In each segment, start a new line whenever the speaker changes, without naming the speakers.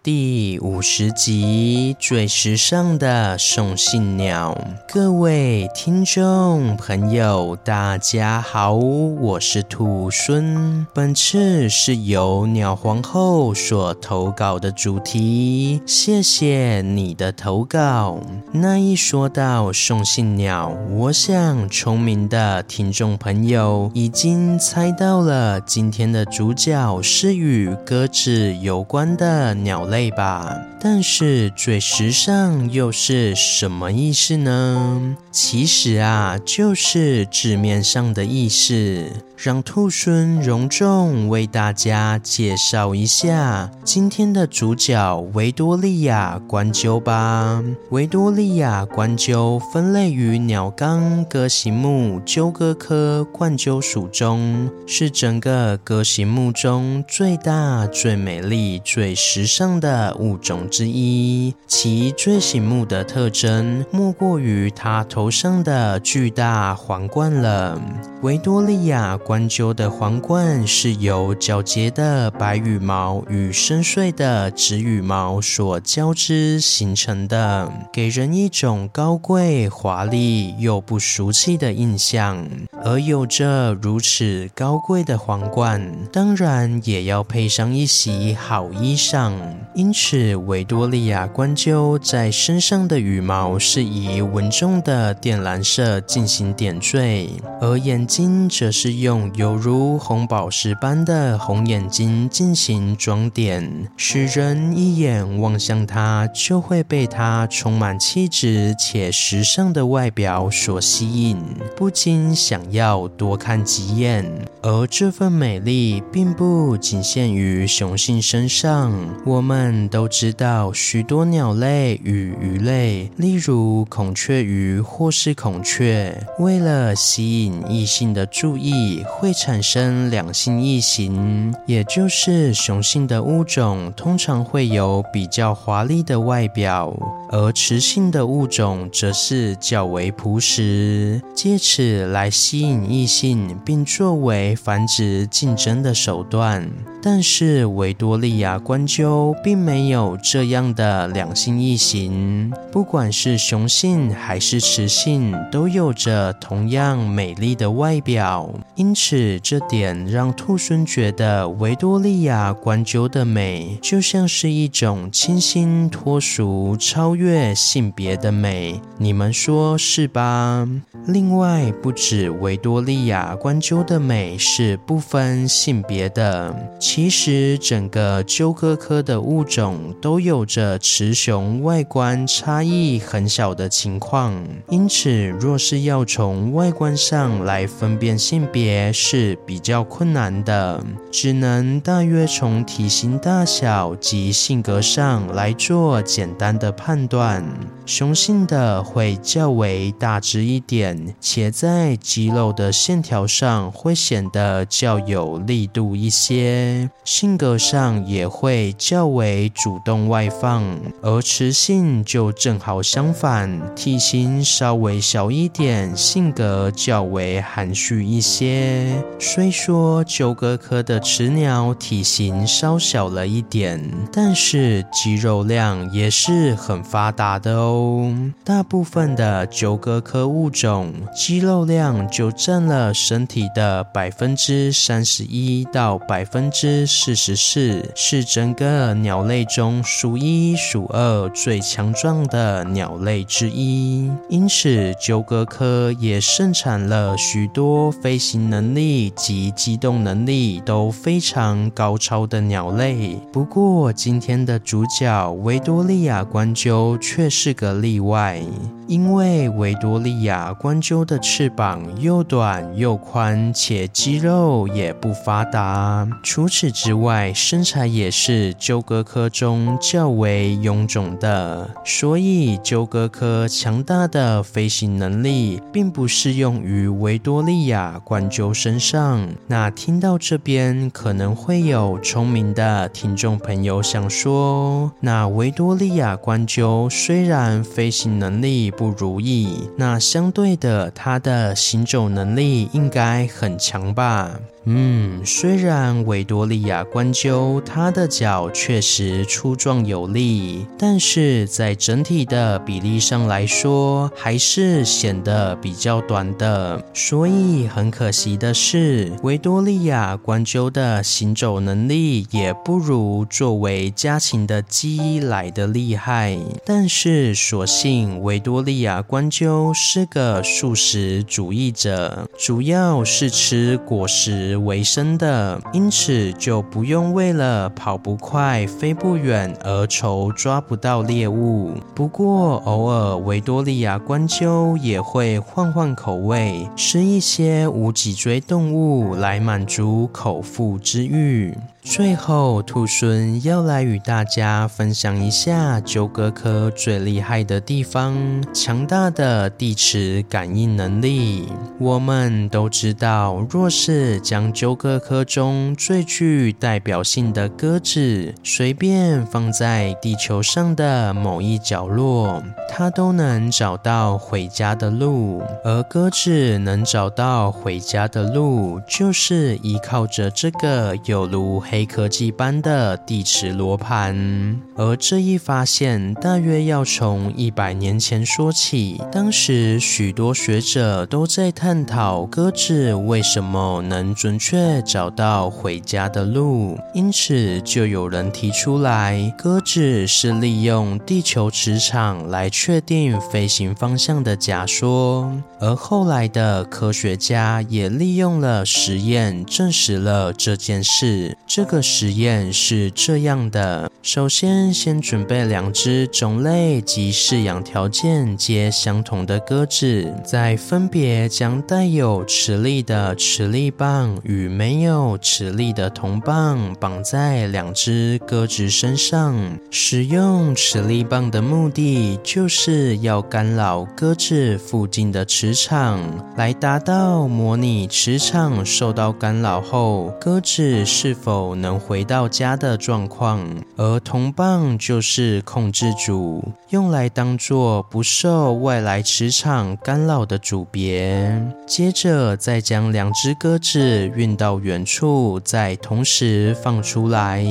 第五十集，最時尚的送信鳥，各位聽眾朋友，大家好，我是兔猻，本次是由鳥皇後所投稿的主題，謝謝你的投稿。那一說到送信鳥，我想聰明的聽眾朋友已經猜到了，今天的主角是與鴿子有關的鳥。累吧，但是最時尚又是什麼意思呢？其實啊，就是字面上的意思。讓兔猻隆重為大家介紹一下今天的主角維多利亞冠鳩吧。維多利亞冠鳩分類於鳥綱鴿形目鳩鴿科冠鳩屬中，是整個鴿形目中最大、最美麗、最時尚的物種之一。其最醒目的特徵，莫過於它頭上的巨大皇冠了。維多利亞冠鳩的皇冠是由皎潔的白羽毛與深邃的紫羽毛所交織形成的，給人一種高貴、華麗又不俗氣的印象。而有着如此高貴的皇冠，當然也要配上一襲好衣裳。因此，維多利亞冠鳩在身上的羽毛是以穩重的靛藍色進行點綴，而眼睛則是用猶如紅寶石般的紅眼睛進行裝點，使人一眼望向它就會被它充滿氣質且時尚的外表所吸引，不禁想。要多看幾眼，而這份美麗並不僅限於雄性身上。我們都知道，許多鳥類與魚類，例如孔雀魚或是孔雀，為了吸引異性的注意，會產生兩性異形，也就是雄性的物種通常會有比較華麗的外表。而雌性的物種則是較為樸實，借此來吸引異性，並作為繁殖競爭的手段。但是維多利亞冠鳩並沒有這樣的兩性異形，不管是雄性還是雌性，都有着同樣美麗的外表。因此，這點讓兔猻覺得維多利亞冠鳩的美就像是一種清新脫俗、超越性別的美，你們說是吧？另外，不止維多利亞冠鳩的美是不分性別的，其實整個鳩鴿科的物種都有着雌雄外觀差異很小的情況，因此若是要從外觀上來分辨性別是比較困難的，只能大約從體型大小及性格上來做簡單的判斷。雄性的會較為大隻一點，且在肌肉的線條上會顯得較有力度一些，性格上也會較為主動外放；而雌性就正好相反，體型稍微小一點，性格較為含蓄一些。雖說鳩鴿科的雌鳥體型稍小了一點，但是肌肉量也是很發。發達的哦，大部分的鳩鴿科物種肌肉量就佔了身體的百分之三十一到百分之四十四，是整個鳥類中數一數二最強壯的鳥類之一。因此，鳩鴿科也盛產了許多飛行能力及機動能力都非常高超的鳥類。不過，今天的主角維多利亞冠鳩。卻是個例外，因為維多利亞冠鳩的翅膀又短又寬，且肌肉也不發達。除此之外，身材也是鳩鴿科中較為臃腫的，所以鳩鴿科強大的飛行能力並不適用於維多利亞冠鳩身上。那聽到這邊，可能會有聰明的聽眾朋友想說：那維多利亞冠鳩。雖然飛行能力不如意，那相對的，它的行走能力應該很強吧。嗯，雖然維多利亞冠鳩它的腳確實粗壯有力，但是在整體的比例上來說，還是顯得比較短的。所以很可惜的是，維多利亞冠鳩的行走能力也不如作為家禽的雞來得厲害。但是所幸維多利亞冠鳩是個素食主義者，主要是吃果實。為生的，因此就不用為了跑不快，飛不遠而愁抓不到獵物。不過，偶爾維多利亞冠鳩也會換換口味，吃一些無脊椎動物來滿足口腹之欲。最後，兔猻要來與大家分享一下鳩鴿科最厲害的地方——強大的地磁感應能力。我們都知道，若是將鳩鴿科中最具代表性的鴿子隨便放在地球上的某一角落，它都能找到回家的路。而鴿子能找到回家的路，就是依靠着這個有如黑。黑科技般的地磁羅盤，而這一發現大約要從一百年前說起。當時許多學者都在探討鴿子為什麼能準確找到回家的路，因此就有人提出來，鴿子是利用地球磁場來確定飛行方向的假說。而後來的科學家也利用了實驗證實了這件事。這這個實驗是這樣的：首先，先準備兩隻種類及飼養條件皆相同的鴿子，再分別將帶有磁力的磁力棒與沒有磁力的銅棒綁在兩隻鴿子身上。使用磁力棒的目的就是要干擾鴿子附近的磁場，來達到模擬磁場受到干擾後，鴿子是否能回到家的狀況，而銅棒就是控制組，用來當作不受外來磁場干擾的組別。接着再將兩隻鴿子運到遠處，再同時放出來，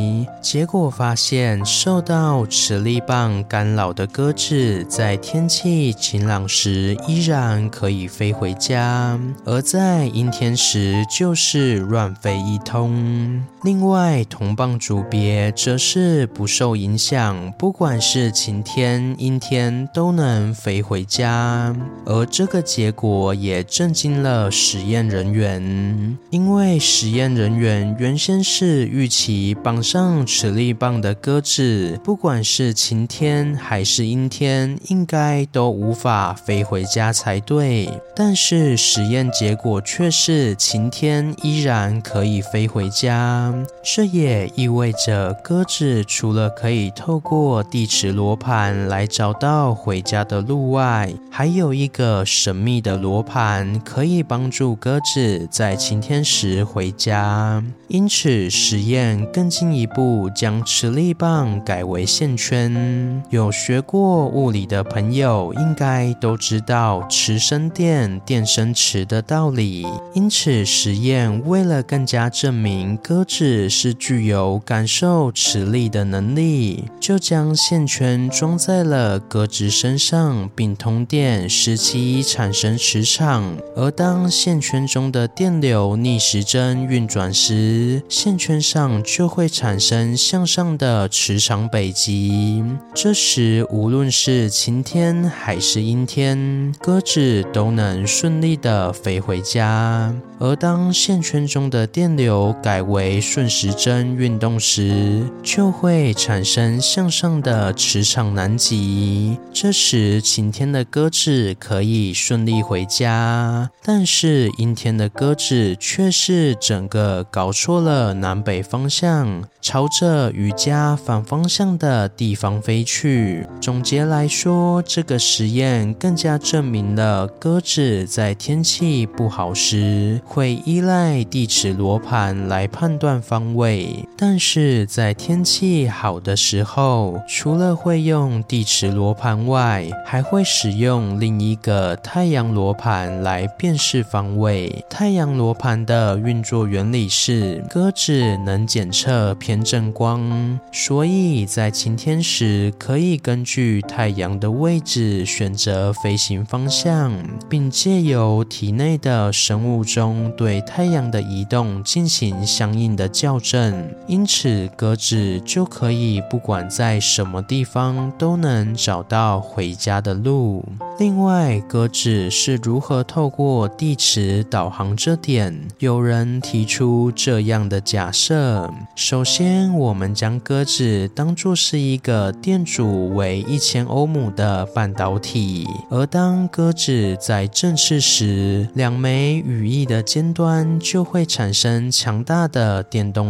結果發現受到磁力棒干擾的鴿子，在天氣晴朗時依然可以飛回家，而在陰天時就是亂飛一通。另外。另外銅棒組別則是不受影響，不管是晴天、陰天都能飛回家，而這個結果也震驚了實驗人員，因為實驗人員原先是預期綁上磁力棒的鴿子，不管是晴天還是陰天，應該都無法飛回家才對，但是實驗結果卻是晴天依然可以飛回家。這也意味着鴿子除了可以透過地磁羅盤來找到回家的路外，還有一個神秘的羅盤可以幫助鴿子在晴天時回家。因此，實驗更進一步將磁力棒改為線圈。有學過物理的朋友應該都知道磁生電、電生磁的道理。因此，實驗為了更加證明鴿子。是具有感受磁力的能力，就將線圈裝在了鴿子身上，並通電使其產生磁場。而當線圈中的電流逆時針運轉時，線圈上就會產生向上的磁場北極。這時，無論是晴天還是陰天，鴿子都能順利地飛回家。而當線圈中的電流改為順時。時針運動時，就會產生向上的磁場南極。這時晴天的鴿子可以順利回家，但是陰天的鴿子卻是整個搞錯了南北方向，朝着與家反方向的地方飛去。總結來說，這個實驗更加證明了鴿子在天氣不好時會依賴地磁羅盤來判斷方向。位，但是在天氣好的時候，除了會用地磁羅盤外，還會使用另一個太陽羅盤來辨識方位。太陽羅盤的運作原理是，鴿子能檢測偏振光，所以在晴天時，可以根據太陽的位置選擇飛行方向，並借由體內的生物鐘對太陽的移動進行相應的教育。正因此，鴿子就可以不管在什麼地方都能找到回家的路。另外，鴿子是如何透過地磁導航這點，有人提出這樣的假設。首先，我們將鴿子當作是一個電阻為一千歐姆的半導體，而當鴿子在振翅時，兩枚羽翼的尖端就會產生強大的電動。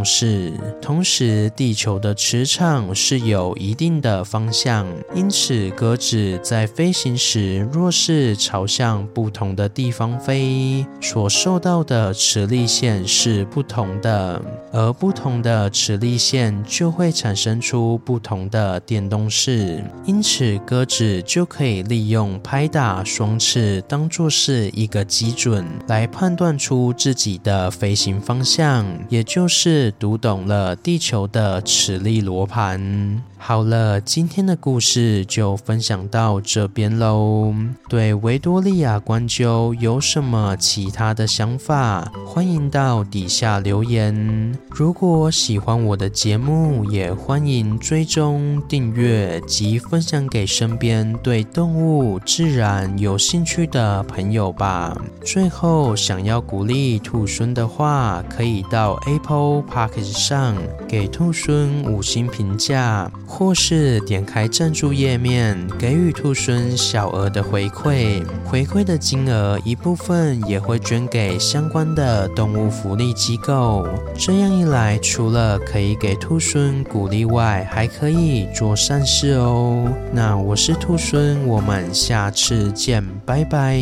同時，地球的磁場是有一定的方向，因此鴿子在飛行時，若是朝向不同的地方飛，所受到的磁力線是不同的，而不同的磁力線就會產生出不同的電動勢，因此鴿子就可以利用拍打雙翅當作是一個基準，來判斷出自己的飛行方向，也就是。讀懂了地球的磁力羅盤。好了，今天的故事就分享到這邊嘍。對維多利亞冠鳩有什麼其他的想法？歡迎到底下留言。如果喜歡我的節目，也歡迎追蹤訂閱及分享給身邊對動物自然有興趣的朋友吧。最後，想要鼓勵兔猻的話，可以到 Apple。Pocket 上給兔猻五星評價，或是點開贊助頁面給予兔猻小額的回饋，回饋的金額一部分也會捐給相關的動物福利機構。這樣一來，除了可以給兔猻鼓勵外，還可以做善事哦。那我是兔猻，我們下次見，拜拜。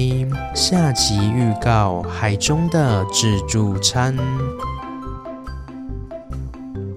下集預告：海中的自助餐。